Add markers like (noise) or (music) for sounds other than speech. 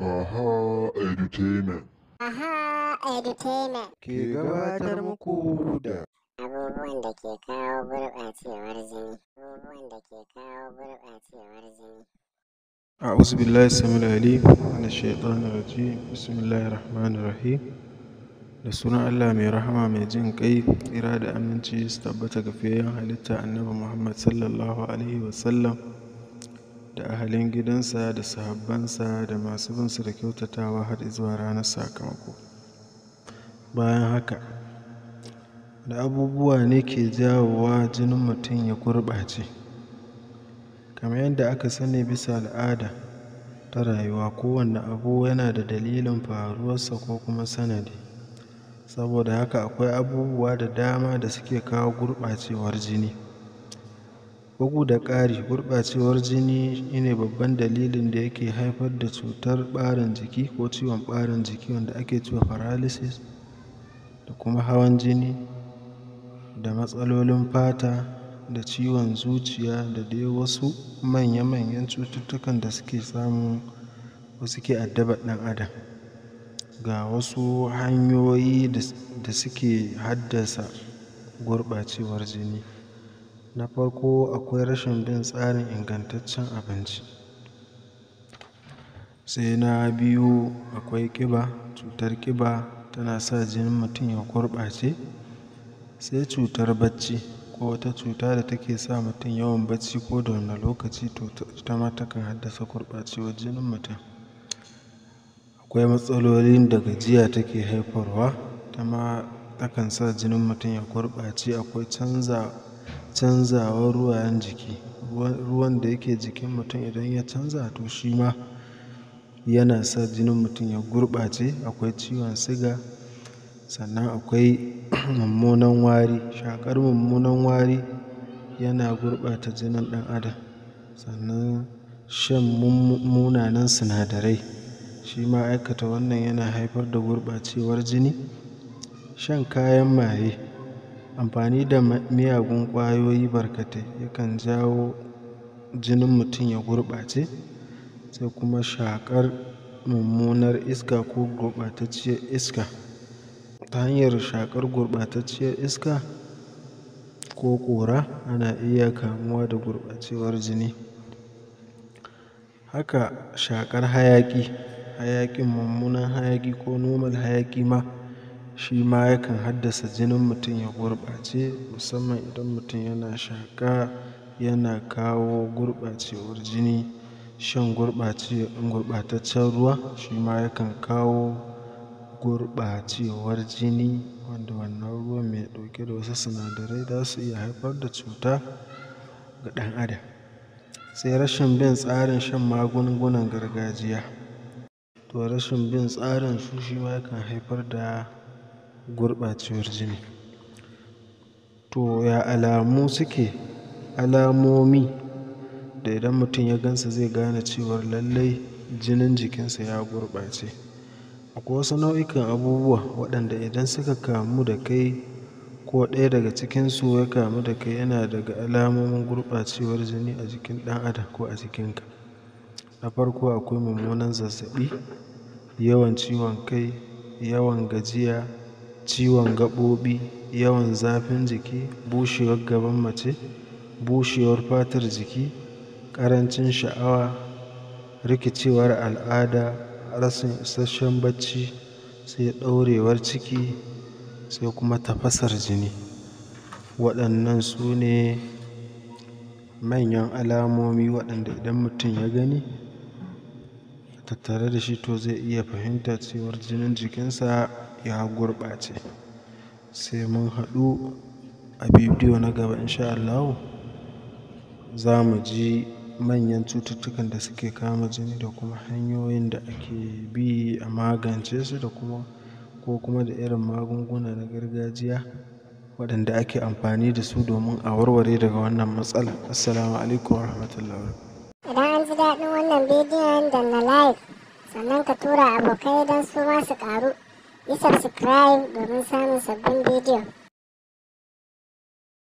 Aha Edutainment. Aha Edutainment. Ke gabatar muku da abubuwan da ke kawo gurɓacewar jini. Abubuwan da ke kawo gurɓacewar jini. أعوذ بالله السميع العليم من الشيطان الرجيم بسم الله الرحمن الرحيم da sunan Allah mai rahama mai jin kai tsira da aminci su tabbata ga fiyayyen halitta annabi Muhammad sallallahu alaihi wasallam da ahalin gidansa da sahabbansa da masu binsa da kyautatawa har zuwa ranar sakamako bayan haka da abubuwa ne ke jawowa jinin mutum ya gurɓace kamar yadda aka sani bisa al'ada ta rayuwa kowanne abu yana da dalilin faruwarsa ko kuma sanadi saboda haka akwai abubuwa da dama da suke kawo gurɓacewar jini bugu da ƙari gurɓacewar jini shine babban dalilin da yake haifar da cutar ɓarin jiki ko ciwon ɓarin jiki wanda ake cewa paralysis da kuma hawan jini da matsalolin fata da ciwon zuciya da dai wasu manya manyan cututtukan da suke samu ko suke addabar ɗan adam ga wasu hanyoyi da suke haddasa gurɓacewar jini Na farko akwai rashin bin tsarin ingantaccen abinci. Sai na biyu akwai ƙiba. Cutar ƙiba tana sa jinin mutum ya gurɓace Sai cutar bacci ko wata cuta da take sa mutum yawan bacci ko da wani lokaci to ita ma takan haddasa gurɓacewar jinin mutum. Akwai matsalolin da gajiya take haifarwa, ita ma takan sa jinin mutum ya gurɓace Akwai canza canzawar ruwayen jiki ruwan da yake jikin mutum idan ya canza to shi ma yana sa jinin mutum ya gurɓace akwai ciwon siga sannan akwai (clears throat) mummunan wari shakar mummunan wari yana gurɓata jinin ɗan adam sannan shan munanan sinadarai shi ma aikata wannan yana haifar da gurɓacewar jini shan kayan maye Amfani da miyagun ƙwayoyi barkatai yakan jawo jinin mutum ya gurɓace, sai kuma shaƙar mummunar iska ko gurɓatacciyar iska. Ta hanyar shaƙar gurɓatacciyar iska ko ƙura ana iya kamuwa da gurɓacewar jini. Haka shaƙar hayaƙi, hayaƙin mummunan hayaƙi ko normal hayaƙi ma. shi ma yakan haddasa jinin mutum ya gurɓace musamman idan mutum yana shaƙa yana kawo gurɓacewar jini. Shan gurɓataccen ruwa shi ma yakan kawo gurɓacewar jini wanda wannan ruwan mai ɗauke da wasu sinadarai za su iya haifar da cuta ga ɗan adam. Sai rashin bin tsarin shan magungunan gargajiya. To rashin bin tsarin su shi ma yakan haifar da gurɓacewar jini to ya alamu suke alamomi da idan mutum ya gansa zai gane cewar lallai jinin jikinsa ya gurɓace akwai wasu nau'ikan abubuwa waɗanda idan suka kamu da kai ko ɗaya daga cikinsu ya kamu da kai yana daga alamomin gurɓacewar jini a jikin ɗan adam ko a jikinka na farko akwai mummunan zazzaɓi yawan ciwon kai yawan gajiya ciwon gaɓoɓi yawan zafin jiki bushewar gaban mace bushewar fatar jiki ƙarancin sha'awa rikicewar al'ada rashin isasshen bacci sai ɗaurewar ciki sai kuma tafasar jini waɗannan sune manyan alamomi waɗanda idan mutum ya gani tattare da shi to zai iya fahimta cewar jinin jikinsa ya gurɓace sai mun haɗu a bidiyo na gaba insha Allah za mu ji manyan cututtukan da suke kama jini da kuma hanyoyin da ake bi a magance su da kuma ko kuma da irin magunguna na gargajiya waɗanda ake amfani da su domin a warware daga wannan matsala assalamu alaikum warahmatullahi ji daɗin wannan bidiyon da na like sannan ka tura abokai don su ma su ƙaru yi subscribe domin samun sabbin bidiyo